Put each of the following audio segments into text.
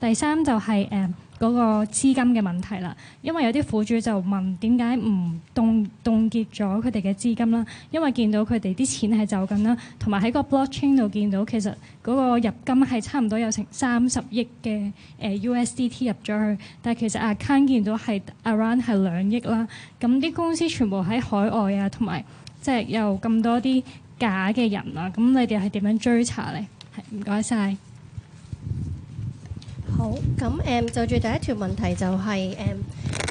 第三就係誒嗰個資金嘅問題啦，因為有啲苦主就問點解唔凍凍結咗佢哋嘅資金啦？因為見到佢哋啲錢係走緊啦，同埋喺個 blockchain 度見到其實嗰個入金係差唔多有成三十億嘅、uh, USDT 入咗去，但係其實 account 見到係 around 係兩億啦。咁啲公司全部喺海外啊，同埋即係有咁多啲假嘅人啊，咁你哋係點樣追查咧？係唔該晒。謝謝。好咁誒、嗯，就住第一條問題就係、是、誒、嗯，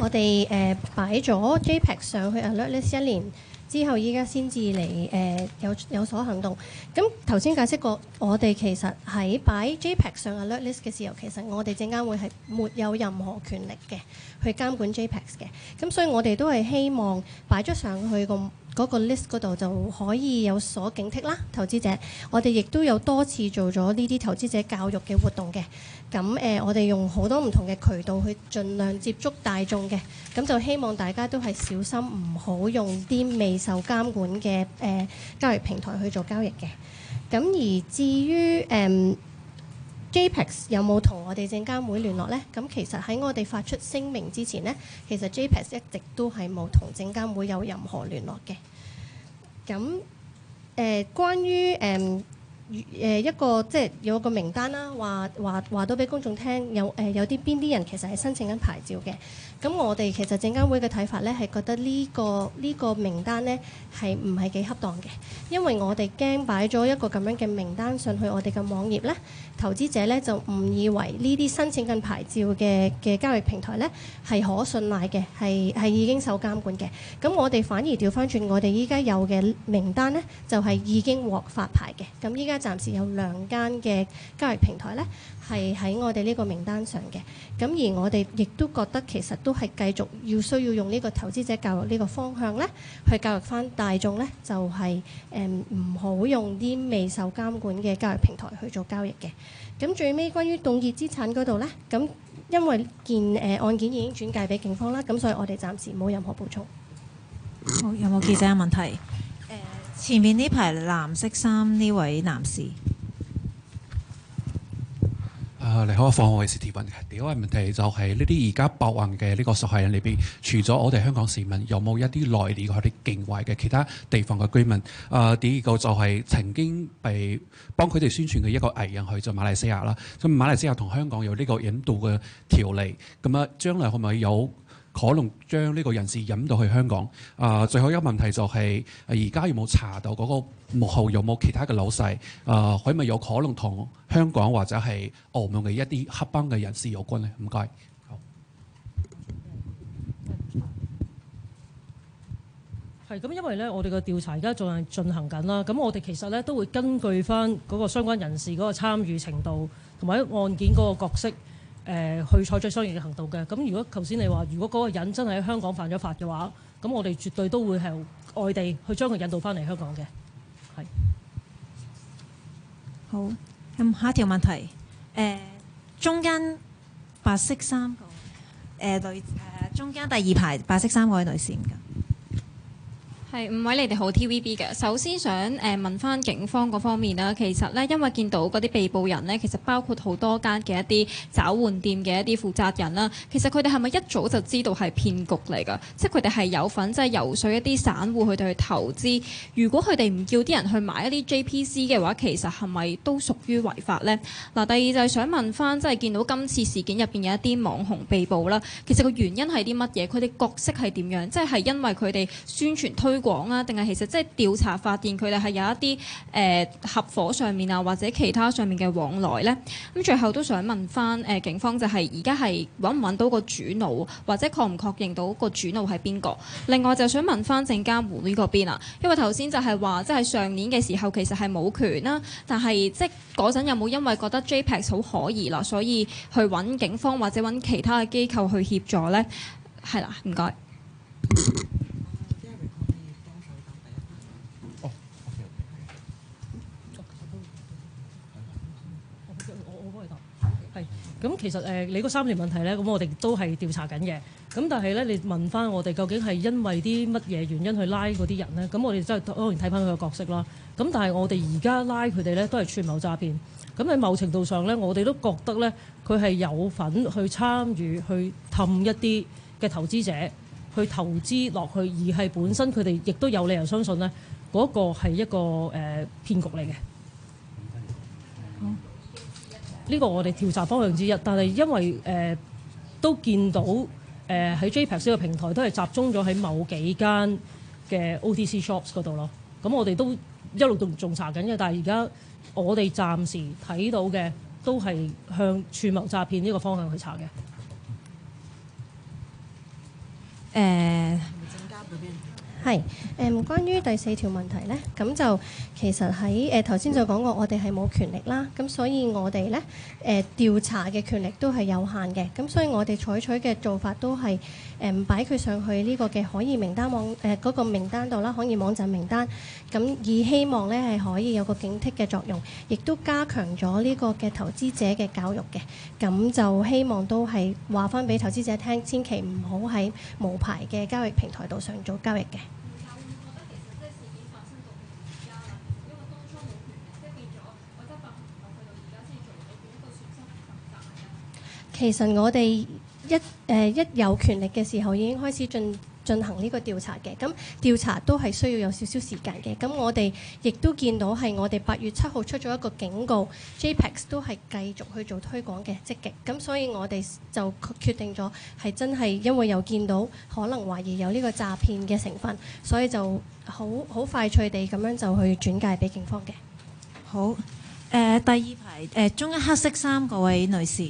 我哋誒擺、嗯、咗 JPEG 上去 alert list 一年之後，依家先至嚟誒有有所行動。咁頭先解釋過，我哋其實喺擺 JPEG 上 alert list 嘅時候，其實我哋陣間會係沒有任何權力嘅去監管 JPEG 嘅。咁、嗯、所以，我哋都係希望擺咗上去個嗰個 list 嗰度就可以有所警惕啦，投資者。我哋亦都有多次做咗呢啲投資者教育嘅活動嘅。咁誒、呃，我哋用好多唔同嘅渠道去盡量接觸大眾嘅。咁就希望大家都係小心，唔好用啲未受監管嘅誒交易平台去做交易嘅。咁而至於誒。嗯 JPEX 有冇同我哋證監會聯絡咧？咁其實喺我哋發出聲明之前呢，其實 JPEX 一直都係冇同證監會有任何聯絡嘅。咁誒、呃，關於、呃、一個即係有個名單啦，話話到俾公眾聽，有誒、呃、有啲邊啲人其實係申請緊牌照嘅。咁我哋其實證監會嘅睇法咧，係覺得呢個呢個名單咧係唔係幾恰當嘅，因為我哋驚擺咗一個咁樣嘅名單上去我哋嘅網頁咧，投資者咧就誤以為呢啲申請緊牌照嘅交易平台咧係可信賴嘅，係係已經受監管嘅。咁我哋反而調返轉，我哋依家有嘅名單咧就係已經獲發牌嘅。咁依家暫時有兩間嘅交易平台咧係喺我哋呢個名單上嘅。咁而我哋亦都覺得其實。都係繼續要需要用呢個投資者教育呢個方向呢，去教育翻大眾呢，就係誒唔好用啲未受監管嘅交易平台去做交易嘅。咁最尾關於凍結資產嗰度呢，咁因為件誒案件已經轉介俾警方啦，咁所以我哋暫時冇任何補充。好，有冇記者有問題？呃，前面呢排藍色衫呢位男士。啊！你好，放學電視台問嘅第一個問題就係呢啲而家暴行嘅呢個受害人裏邊，除咗我哋香港市民，有冇一啲內地或者境外嘅其他地方嘅居民？啊，第二個就係曾經被幫佢哋宣傳嘅一個藝人去咗馬來西亞啦。咁馬來西亞同香港有呢個引渡嘅條例，咁啊，將來會唔會有？可能將呢個人士引到去香港。啊，最後一個問題就係，呃，而家有冇查到嗰個幕後有冇其他嘅老細？啊，係咪有可能同香港或者係澳門嘅一啲黑幫嘅人士有關咧？唔該。好。係咁，因為咧，我哋嘅調查而家仲係進行緊啦。咁我哋其實咧都會根據返嗰個相關人士嗰個參與程度，同埋喺案件嗰個角色。誒去採取相應嘅行動嘅，咁如果頭先你話，如果嗰個人真係喺香港犯咗法嘅話，咁我哋絕對都會係外地去將佢引導翻嚟香港嘅。係。好，咁下一條問題，誒中間白色衫嗰，誒女誒中間第二排白色衫嗰位女士㗎。係五位你哋好 TVB 嘅，首先想誒、呃、問翻警方嗰方面啦。其實呢，因為見到嗰啲被捕人呢，其實包括好多間嘅一啲找換店嘅一啲負責人啦。其實佢哋係咪一早就知道係騙局嚟㗎？即係佢哋係有份即係、就是、游說一啲散戶佢哋去投資。如果佢哋唔叫啲人去買一啲 JPC 嘅話，其實係咪都屬於違法呢？嗱，第二就係想問翻，即係見到今次事件入邊有一啲網紅被捕啦，其實個原因係啲乜嘢？佢哋角色係點樣？即係因為佢哋宣傳推推廣啊，定係其實即係調查發現，佢哋係有一啲誒、呃、合夥上面啊，或者其他上面嘅往來呢。咁最後都想問翻誒、呃、警方，就係而家係揾唔揾到個主腦，或者確唔確認到個主腦係邊個？另外就想問翻證監會呢邊啊，因為頭先就係話即係上年嘅時候其實係冇權啦，但係即係嗰陣有冇因為覺得 JPEX 好可疑啦，所以去揾警方或者揾其他嘅機構去協助呢？係啦，唔該。咁、嗯、其實誒、呃，你嗰三條問題呢，咁、嗯、我哋都係調查緊嘅。咁但係呢，你問翻我哋究竟係因為啲乜嘢原因去拉嗰啲人呢？咁、嗯、我哋真係當然睇翻佢個角色啦。咁、嗯、但係我哋而家拉佢哋呢，都係串謀詐騙。咁、嗯、喺某程度上呢，我哋都覺得呢，佢係有份去參與去氹一啲嘅投資者去投資落去，而係本身佢哋亦都有理由相信呢，嗰、那個係一個誒、呃、騙局嚟嘅。呢個我哋調查方向之一，但係因為誒、呃、都見到誒喺、呃、JPEX a 呢個平台都係集中咗喺某幾間嘅 OTC shops 嗰度咯。咁、嗯、我哋都一路都仲查緊嘅，但係而家我哋暫時睇到嘅都係向串謀詐騙呢個方向去查嘅。誒、呃。係誒、嗯，關於第四條問題咧，咁就其實喺誒頭先就講過，我哋係冇權力啦，咁所以我哋咧誒調查嘅權力都係有限嘅，咁所以我哋採取嘅做法都係誒擺佢上去呢個嘅可疑名單網誒嗰、呃那個名單度啦，可疑網站名單，咁以希望咧係可以有個警惕嘅作用，亦都加強咗呢個嘅投資者嘅教育嘅，咁就希望都係話返畀投資者聽，千祈唔好喺無牌嘅交易平台度上做交易嘅。其實我哋一誒、呃、一有權力嘅時候，已經開始進進行呢個調查嘅。咁調查都係需要有少少時間嘅。咁我哋亦都見到係我哋八月七號出咗一個警告，JPEX 都係繼續去做推廣嘅積極。咁所以我哋就決定咗係真係因為又見到可能懷疑有呢個詐騙嘅成分，所以就好好快脆地咁樣就去轉介俾警方嘅。好，誒、呃、第二排誒、呃、中一黑色衫嗰位女士。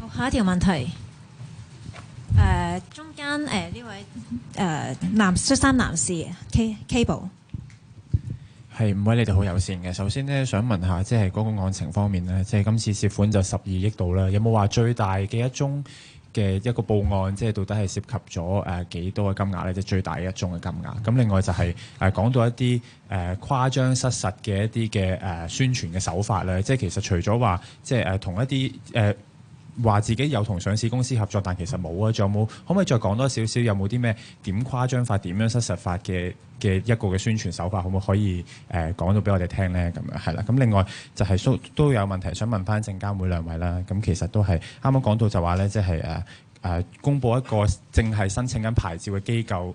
好，下一條問題。誒、uh，中間誒呢位誒藍恤衫男士，K Cable，係，唔位你哋好友善嘅。首先呢，想問下，即係嗰個案情方面咧，即係今次涉款就十二億度啦，有冇話最大嘅一宗？嘅一個報案，即係到底係涉及咗誒、呃、幾多嘅金額咧？即係最大一宗嘅金額。咁另外就係誒講到一啲誒、呃、誇張失實嘅一啲嘅誒宣傳嘅手法咧。即係其實除咗話即係誒、呃、同一啲誒。呃話自己有同上市公司合作，但其實冇啊，仲有冇？可唔可以再講多少少？有冇啲咩點誇張法、點樣失實法嘅嘅一個嘅宣傳手法，可唔可以誒講、呃、到俾我哋聽呢？咁樣係啦。咁另外就係、是、都有問題想問翻證監會兩位啦。咁其實都係啱啱講到就話呢，即係誒誒公佈一個正係申請緊牌照嘅機構。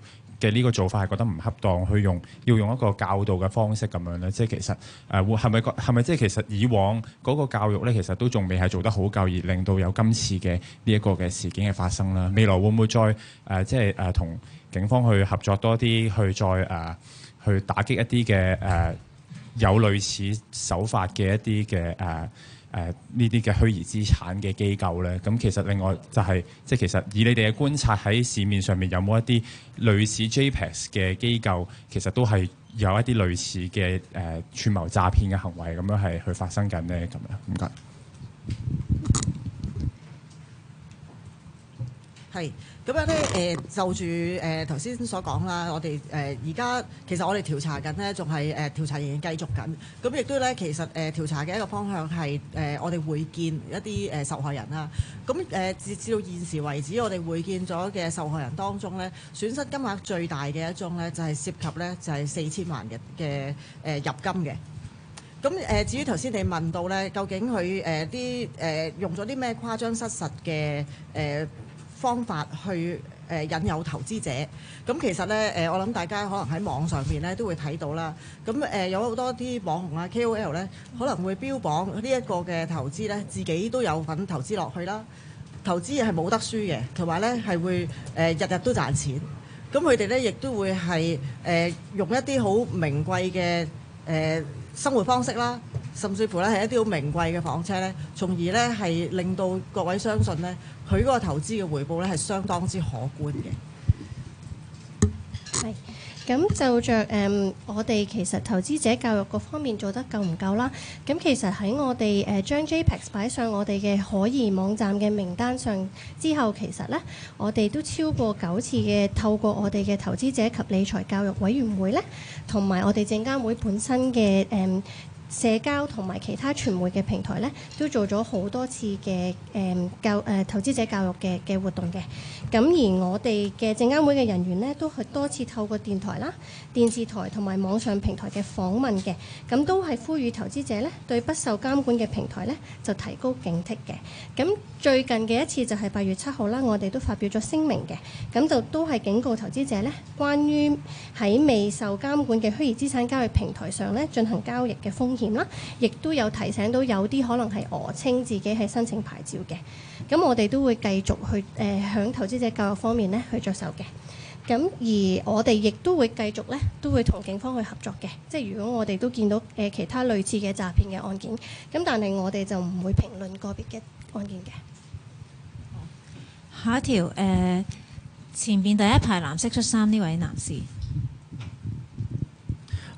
嘅呢個做法係覺得唔恰當，去用要用一個教導嘅方式咁樣咧，即係其實誒會係咪係咪即係其實以往嗰個教育咧，其實都仲未係做得好夠，而令到有今次嘅呢一個嘅事件嘅發生啦。未來會唔會再誒、呃、即係誒、呃、同警方去合作多啲，去再誒、呃、去打擊一啲嘅誒有類似手法嘅一啲嘅誒？呃誒呢啲嘅虛擬資產嘅機構咧，咁其實另外就係、是、即係其實以你哋嘅觀察喺市面上面有冇一啲類似 JPEX 嘅機構，其實都係有一啲類似嘅誒串謀詐騙嘅行為咁樣係去發生緊呢？咁樣，唔該。係。咁樣咧，誒、呃、就住誒頭先所講啦，我哋誒而家其實我哋調查緊呢，仲係誒調查仍然繼續緊。咁亦都咧，其實誒、呃、調查嘅一個方向係誒、呃、我哋會見一啲誒、呃、受害人啦。咁誒、呃、至至到現時為止，我哋會見咗嘅受害人當中呢，損失金額最大嘅一宗呢，就係、是、涉及呢，就係四千萬嘅嘅誒入金嘅。咁誒、呃、至於頭先你問到呢，究竟佢誒啲誒用咗啲咩誇張失實嘅誒？呃呃方法去誒引誘投資者咁，其實呢，誒，我諗大家可能喺網上面呢都會睇到啦。咁誒有好多啲網紅啊、K O L 呢可能會標榜呢一個嘅投資呢，自己都有份投資落去啦。投資係冇得輸嘅，同埋呢係會誒日日都賺錢。咁佢哋呢亦都會係誒、呃、用一啲好名貴嘅誒、呃、生活方式啦。甚至乎咧係一啲好名貴嘅房車呢，從而呢係令到各位相信呢，佢嗰個投資嘅回報呢係相當之可觀嘅。係、嗯，咁就着誒、嗯，我哋其實投資者教育各方面做得夠唔夠啦？咁、嗯、其實喺我哋誒將 JPEX 擺上我哋嘅可疑網站嘅名單上之後，其實呢我哋都超過九次嘅透過我哋嘅投資者及理財教育委員會呢，同埋我哋證監會本身嘅誒。嗯社交同埋其他傳媒嘅平台呢，都做咗好多次嘅誒、嗯、教誒投資者教育嘅嘅活動嘅。咁而我哋嘅證監會嘅人員呢，都係多次透過電台啦、電視台同埋網上平台嘅訪問嘅。咁都係呼籲投資者呢對不受監管嘅平台呢就提高警惕嘅。咁最近嘅一次就係八月七號啦，我哋都發表咗聲明嘅。咁就都係警告投資者呢關於喺未受監管嘅虛擬資產交易平台上呢進行交易嘅風險。亦都有提醒到有啲可能係訛稱自己係申請牌照嘅，咁我哋都會繼續去誒響、呃、投資者教育方面呢去着手嘅。咁而我哋亦都會繼續呢，都會同警方去合作嘅。即係如果我哋都見到誒、呃、其他類似嘅詐騙嘅案件，咁但係我哋就唔會評論個別嘅案件嘅。下一條、呃、前面第一排藍色恤衫呢位男士。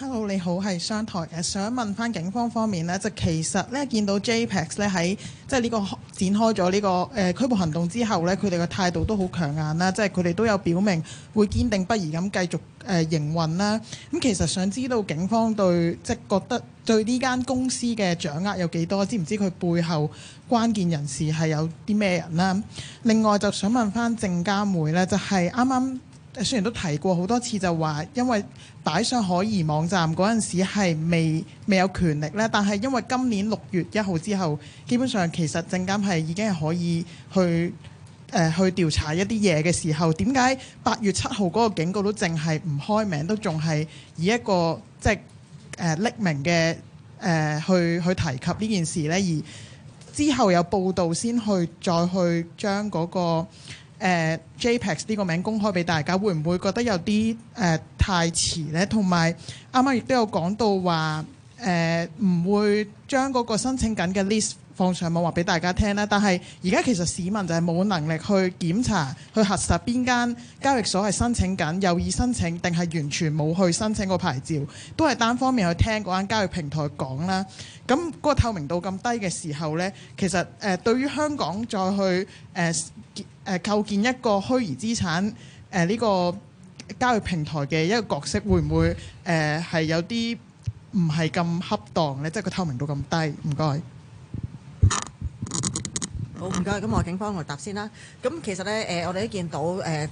hello，你好，係商台，誒想問翻警方方面咧，就其實咧見到 JPEX 咧喺即係呢個展開咗呢個誒拘捕行動之後咧，佢哋嘅態度都好強硬啦，即係佢哋都有表明會堅定不移咁繼續誒營運啦。咁其實想知道警方對即係、就是、覺得對呢間公司嘅掌握有幾多？知唔知佢背後關鍵人士係有啲咩人啦？另外就想問翻鄭家梅咧，就係啱啱。雖然都提過好多次，就話因為擺上可疑網站嗰陣時係未未有權力咧，但係因為今年六月一號之後，基本上其實證監係已經係可以去誒、呃、去調查一啲嘢嘅時候，點解八月七號嗰個警告都淨係唔開名，都仲係以一個即係誒匿名嘅誒、呃、去去提及呢件事咧？而之後有報道先去再去將嗰、嗰個誒 JPEX 呢個名公開俾大家，會唔會覺得有啲誒、呃、太遲呢？同埋啱啱亦都有講到話誒，唔、呃、會將嗰個申請緊嘅 list 放上網話俾大家聽啦。但係而家其實市民就係冇能力去檢查、去核實邊間交易所係申請緊、有意申請定係完全冇去申請個牌照，都係單方面去聽嗰間交易平台講啦。咁個透明度咁低嘅時候呢，其實誒、呃、對於香港再去誒。呃誒構建一個虛擬資產誒呢、啊這個交易平台嘅一個角色，會唔會誒係、呃、有啲唔係咁恰當咧？即係個透明度咁低，唔該。好唔該，咁我警方嚟答先啦。咁其實咧，誒我哋都見到誒誒、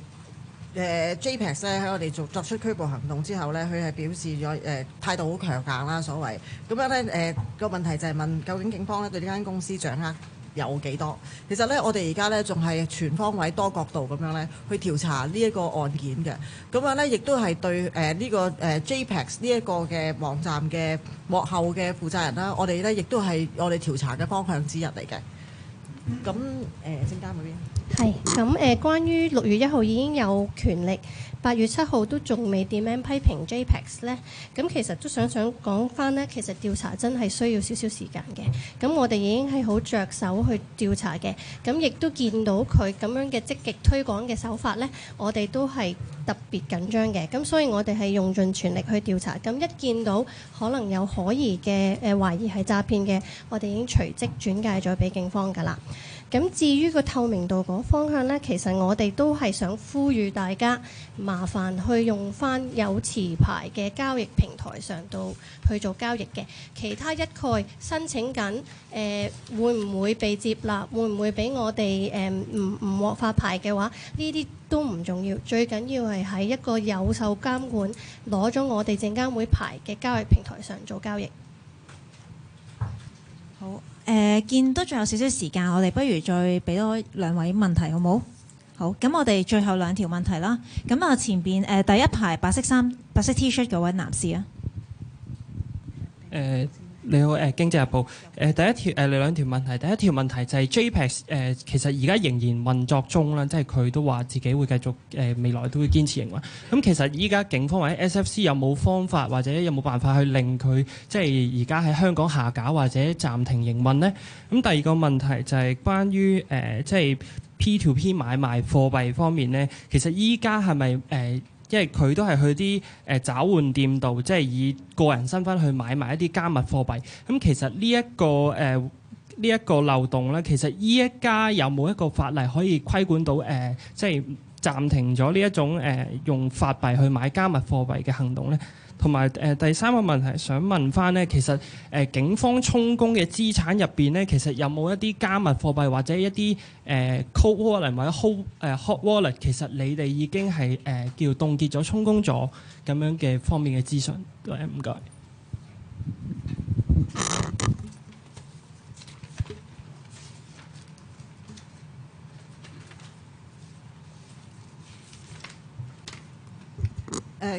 呃、JPEX 喺我哋做作出拘捕行動之後咧，佢係表示咗誒、呃、態度好強硬啦，所謂。咁樣咧，誒、呃、個問題就係問究竟警方咧對呢間公司掌握有幾多？其實呢，我哋而家呢仲係全方位多角度咁樣呢去調查呢一個案件嘅。咁啊呢，亦都係對誒呢個誒 JPEX 呢一個嘅網站嘅幕後嘅負責人啦，我哋呢，亦都係我哋調查嘅方向之一嚟嘅。咁誒、呃，證監嗰邊？係咁誒，關於六月一號已經有權力，八月七號都仲未點樣批評 JPEX 呢？咁其實都想想講返呢。其實調查真係需要少少時間嘅。咁我哋已經係好着手去調查嘅。咁亦都見到佢咁樣嘅積極推廣嘅手法呢，我哋都係特別緊張嘅。咁所以我哋係用盡全力去調查。咁一見到可能有可疑嘅誒、呃、懷疑係詐騙嘅，我哋已經隨即轉介咗俾警方㗎啦。咁至於個透明度嗰方向呢，其實我哋都係想呼籲大家麻煩去用翻有持牌嘅交易平台上度去做交易嘅。其他一概申請緊，誒、呃、會唔會被接納？會唔會俾我哋誒唔唔獲發牌嘅話？呢啲都唔重要，最緊要係喺一個有受監管攞咗我哋證監會牌嘅交易平台上做交易。好。誒見都仲有少少時間，我哋不如再畀多兩位問題好冇？好，咁我哋最後兩條問題啦。咁啊，前邊誒第一排白色衫、白色 T 恤嗰位男士啊。誒。呃你好，誒《經濟日報》誒第一條誒、啊、兩條問題，第一條問題就係 JPEX、呃、其實而家仍然運作中啦，即係佢都話自己會繼續誒、呃、未來都會堅持營運。咁、嗯、其實依家警方或者 SFC 有冇方法或者有冇辦法去令佢即係而家喺香港下架或者暫停營運咧？咁、嗯、第二個問題就係關於誒、呃、即係 P to P 買賣貨幣方面咧，其實依家係咪誒？呃因為佢都係去啲誒、呃、找換店度，即係以個人身份去買埋一啲加密貨幣。咁其實呢一個誒呢一個漏洞咧，其實依、這個呃這個、一家有冇一個法例可以規管到誒、呃，即係暫停咗呢一種誒、呃、用法幣去買加密貨幣嘅行動咧？同埋誒第三個問題，想問翻咧，其實誒、呃、警方充公嘅資產入邊咧，其實有冇一啲加密貨幣或者一啲誒、呃、cold wallet 或者 hot 誒 hot wallet，其實你哋已經係誒、呃、叫凍結咗充公咗咁樣嘅方面嘅資訊？誒唔該。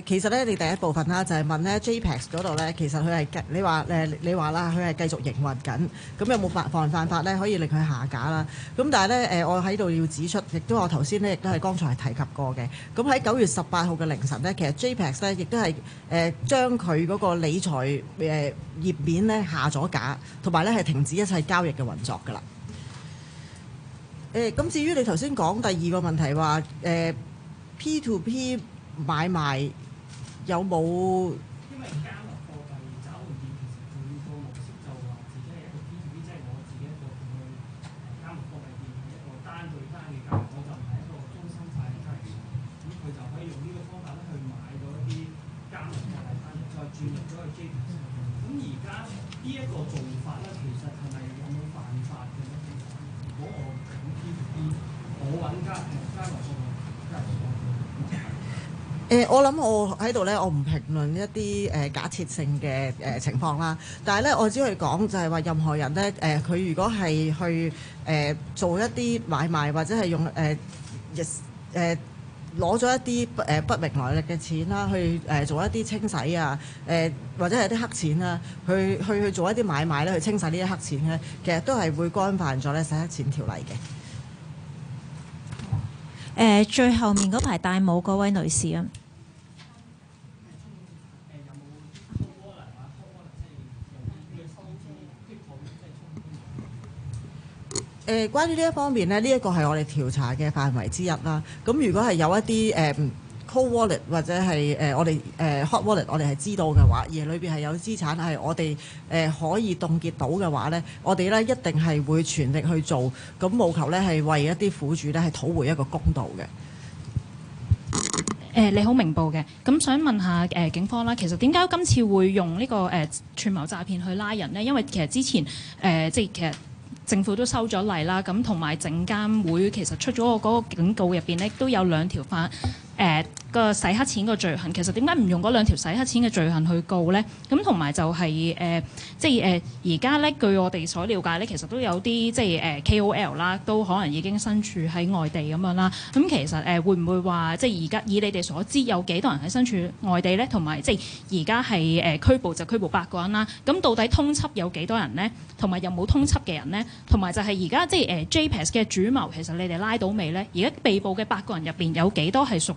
其實咧，你第一部分啦，就係問咧 JPEX 嗰度咧，其實佢係你話誒，你話啦，佢係繼續營運緊，咁有冇辦法咧，可以令佢下架啦？咁但係咧，誒我喺度要指出，亦都我頭先咧，亦都係剛才係提及過嘅。咁喺九月十八號嘅凌晨咧，其實 JPEX 咧，亦都係誒將佢嗰個理財誒頁面咧下咗架，同埋咧係停止一切交易嘅運作噶啦。誒咁至於你頭先講第二個問題話誒 P2P。呃 P 買賣有冇？誒、欸，我諗我喺度咧，我唔評論一啲誒、呃、假設性嘅誒、呃、情況啦。但係咧，我只會講就係話，任何人咧誒，佢、呃、如果係去誒、呃、做一啲買賣，或者係用誒亦攞咗一啲誒不、呃、不明來歷嘅錢啦，去誒、呃、做一啲清洗啊，誒、呃、或者係啲黑錢啦，去去去做一啲買賣咧，去清洗呢啲黑錢咧，其實都係會干犯咗咧洗黑錢條例嘅。最後面嗰排戴帽嗰位女士啊！誒，關於呢一方面呢，呢一個係我哋調查嘅範圍之一啦。咁如果係有一啲誒，嗯 Cold wallet 或者係誒、呃、我哋誒、呃、hot wallet，我哋係知道嘅話，而裏邊係有資產係我哋誒、呃、可以凍結到嘅話咧，我哋咧一定係會全力去做，咁務求咧係為一啲苦主咧係討回一個公道嘅。誒、呃、你好，明報嘅咁想問下誒、呃、警方啦，其實點解今次會用呢、這個誒串謀詐騙去拉人呢？因為其實之前誒、呃、即係其實政府都收咗例啦，咁同埋證監會其實出咗個警告入邊呢都有兩條法。誒、呃、個洗黑錢個罪行，其實點解唔用嗰兩條洗黑錢嘅罪行去告咧？咁同埋就係、是、誒、呃，即係誒而家咧，據我哋所了解咧，其實都有啲即係誒、呃、KOL 啦，都可能已經身處喺外地咁樣啦。咁、嗯、其實誒、呃、會唔會話即係而家以你哋所知有幾多人喺身處外地咧？同埋即係而家係誒拘捕就拘捕八個人啦。咁到底通緝有幾多人咧？同埋有冇通緝嘅人咧？同埋就係而家即係誒、呃、JPS 嘅主謀，其實你哋拉到未咧？而家被捕嘅八個人入邊有幾多係屬？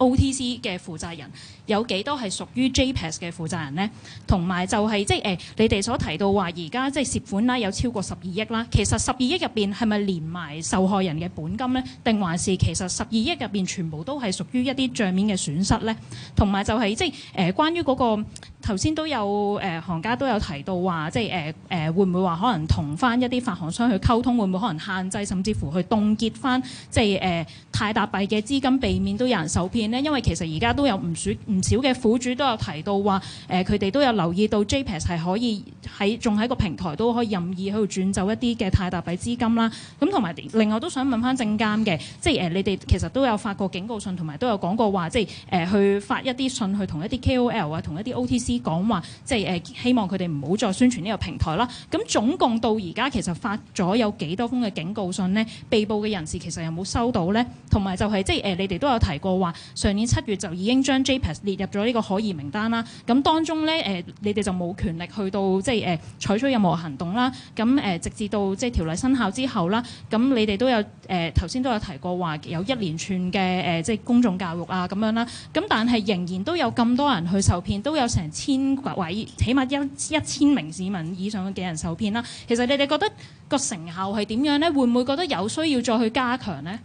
OTC 嘅負責人有幾多係屬於 JPEX 嘅負責人呢？同埋就係、是、即係誒、呃，你哋所提到話而家即係涉款啦，有超過十二億啦。其實十二億入邊係咪連埋受害人嘅本金呢？定還是其實十二億入邊全部都係屬於一啲帳面嘅損失呢？同埋就係、是、即係誒、呃，關於嗰、那個頭先都有誒、呃，行家都有提到話，即係誒誒，會唔會話可能同翻一啲發行商去溝通，會唔會可能限制甚至乎去凍結翻即係誒泰達幣嘅資金，避免都有人受騙？因為其實而家都有唔少唔少嘅苦主都有提到話，誒佢哋都有留意到 JPEX 係可以喺仲喺個平台都可以任意喺度轉走一啲嘅泰達幣資金啦。咁同埋另外都想問翻證監嘅，即係誒、呃、你哋其實都有發過警告信，同埋都有講過話，即係誒去發一啲信去同一啲 KOL 啊，同一啲 OTC 講話，即係誒希望佢哋唔好再宣傳呢個平台啦。咁總共到而家其實發咗有幾多封嘅警告信呢？被捕嘅人士其實有冇收到呢？同埋就係、是、即係誒、呃、你哋都有提過話。上年七月就已經將 JPEX 列入咗呢個可疑名單啦，咁當中咧誒、呃，你哋就冇權力去到即係誒、呃、採取任何行動啦。咁誒、呃，直至到即係條例生效之後啦，咁你哋都有誒頭先都有提過話有一連串嘅誒、呃、即係公眾教育啊咁樣啦。咁但係仍然都有咁多人去受騙，都有成千位起碼一一千名市民以上嘅人受騙啦。其實你哋覺得個成效係點樣咧？會唔會覺得有需要再去加強咧？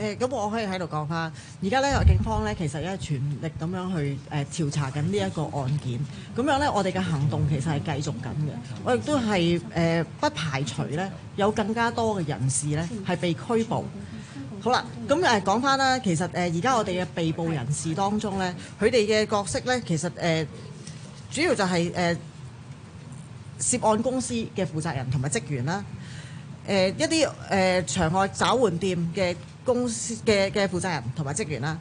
誒咁，我可以喺度講翻。而家咧，警方咧其實一係，全力咁樣去誒調查緊呢一個案件。咁樣咧，我哋嘅行動其實係繼續緊嘅。我亦都係誒不排除咧有更加多嘅人士咧係被拘捕。嗯、好啦，咁誒講翻啦。其實誒而家我哋嘅被捕人士當中咧，佢哋嘅角色咧，其實誒主要就係誒涉案公司嘅負責人同埋職員啦。誒一啲誒場外找換店嘅公司嘅嘅負責人同埋職員啦，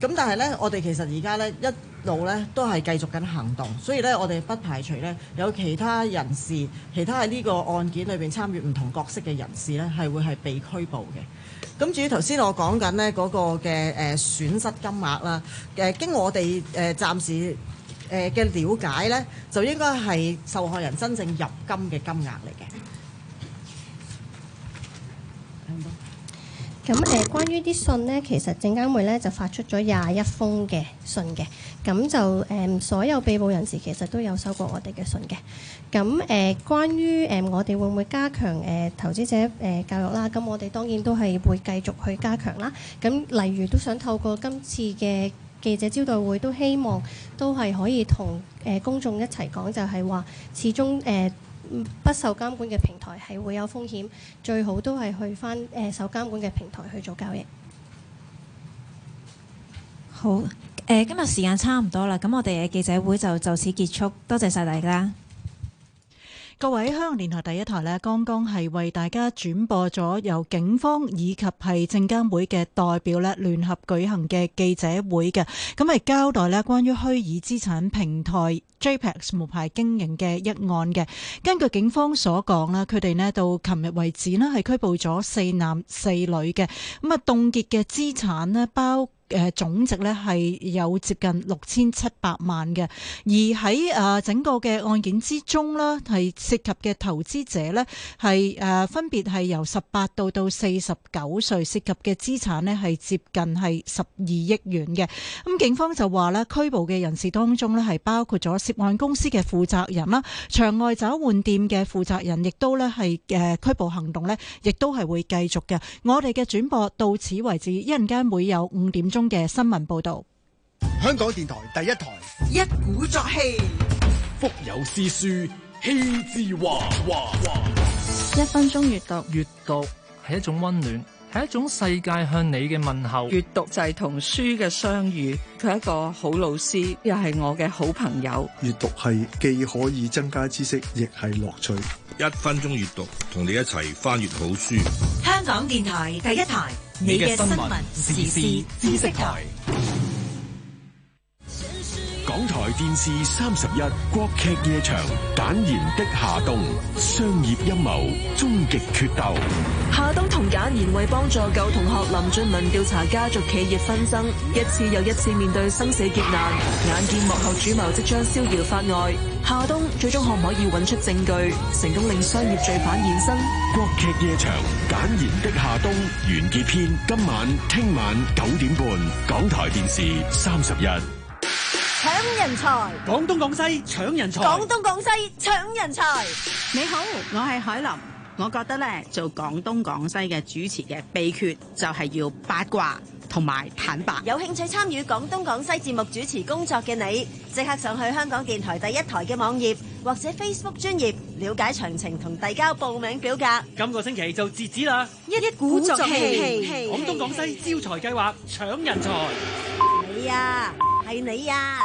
咁但係咧，我哋其實而家咧一路咧都係繼續緊行動，所以咧我哋不排除咧有其他人士，其他喺呢個案件裏邊參與唔同角色嘅人士咧，係會係被拘捕嘅。咁至於頭先我講緊咧嗰個嘅誒損失金額啦，誒經我哋誒暫時誒嘅了解咧，就應該係受害人真正入金嘅金額嚟嘅。咁誒、呃，關於啲信呢，其實證監會咧就發出咗廿一封嘅信嘅，咁就誒、呃、所有被捕人士其實都有收過我哋嘅信嘅。咁誒、呃，關於誒、呃、我哋會唔會加強誒、呃、投資者誒、呃、教育啦。咁我哋當然都係會繼續去加強啦。咁例如都想透過今次嘅記者招待會，都希望都係可以同誒、呃、公眾一齊講，就係、是、話始終誒。呃不受監管嘅平台係會有風險，最好都係去返、呃、受監管嘅平台去做交易。好、呃，今日時間差唔多啦，咁我哋嘅記者會就就此結束，多謝晒大家。各位香港電台第一台呢，剛剛係為大家轉播咗由警方以及係證監會嘅代表呢，聯合舉行嘅記者會嘅，咁係交代呢關於虛擬資產平台 JPEX 無牌經營嘅一案嘅。根據警方所講咧，佢哋呢到琴日為止呢，係拘捕咗四男四女嘅，咁啊凍結嘅資產呢包。誒總值咧係有接近六千七百萬嘅，而喺誒整個嘅案件之中咧，係涉及嘅投資者咧係誒分別係由十八到到四十九歲，涉及嘅資產咧係接近係十二億元嘅。咁警方就話咧，拘捕嘅人士當中咧係包括咗涉案公司嘅負責人啦，場外找換店嘅負責人亦都咧係誒拘捕行動咧，亦都係會繼續嘅。我哋嘅轉播到此為止，一陣間會有五點鐘嘅新聞報道，香港電台第一台，一鼓作氣，腹有詩書氣自華。之華華華。一分鐘閱讀，閱讀係一種温暖。係一種世界向你嘅問候。閱讀就係同書嘅相遇，佢係一個好老師，又係我嘅好朋友。閱讀係既可以增加知識，亦係樂趣。一分鐘閱讀，同你一齊翻閱好書。香港電台第一台，你嘅新聞時事知識台。港台電視三十一國劇夜場，簡言的夏冬商業陰謀終極決鬥。夏冬同簡言為幫助舊同學林俊文調查家族企業紛爭，一次又一次面對生死劫難。眼見幕後主謀即將逍遙法外，夏冬最終可唔可以揾出證據，成功令商業罪犯現身？國劇夜場，簡言的夏冬完結篇。今晚、聽晚九點半，港台電視三十一。搶人才！廣東廣西搶人才！廣東廣西搶人才！你好，我係海林。我覺得咧，做廣東廣西嘅主持嘅秘訣就係要八卦同埋坦白。有興趣參與廣東廣西節目主持工作嘅你，即刻上去香港電台第一台嘅網頁或者 Facebook 專頁了解詳情同遞交報名表格。今個星期就截止啦！一鼓作氣，廣東廣西招財計劃搶人才。係啊，係你啊！